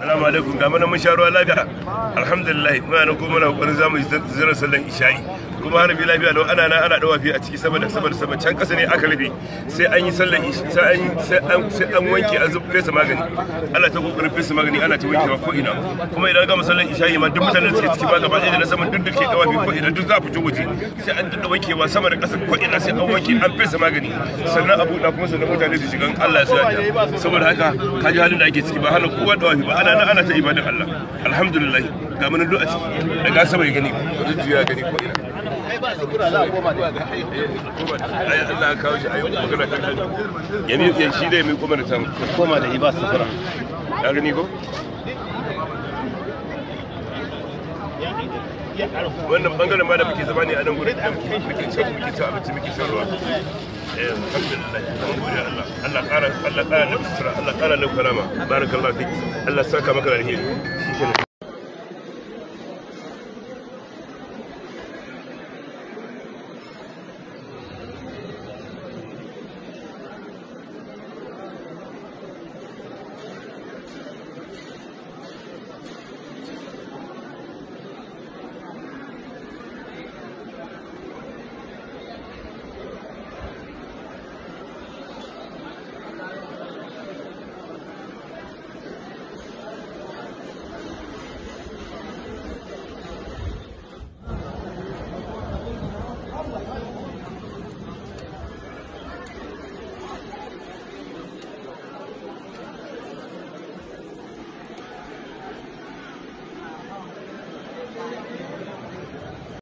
Salamu alaikum ga mana mun sha ruwa lafiya alhamdulillah muna nan kuma mana kokarin zamu zira sallan isha'i kuma har bi lafiya lau ana nan ana dawa a ciki saboda saboda saboda can kasa ne aka rufe sai an yi sallan sai an sai an sai an wanke an zuba fesa magani Allah ta kokarin fesa magani ana ta wankewa ko ina kuma idan ga sallan isha'i ma duk mutanen da suke ciki ba gaba ɗaya da na saman duk duke dawa ko ina duk za a ji waje sai an dinda wankewa sama da kasa ko ina sai an wanke an fesa magani sannan abu da kuma sannan mutane su shigan Allah ya sa saboda haka ji halin da ake ciki ba hana kowa dawa ba ana na ana ta ibadin Allah alhamdulillah ga mun a ci da ga sama gani ko jiya gani ko ina ai Allah ya kawo shi ai magana ta yanzu shi da mai koma da sama koma da ibas sukura ya gani ko wannan bangaren ma da muke zama ne a nan gurin muke cin muke cin abinci muke cin ruwa eh alhamdulillah Allah ƙara Allah ƙara Allah ƙara Allah saka maka da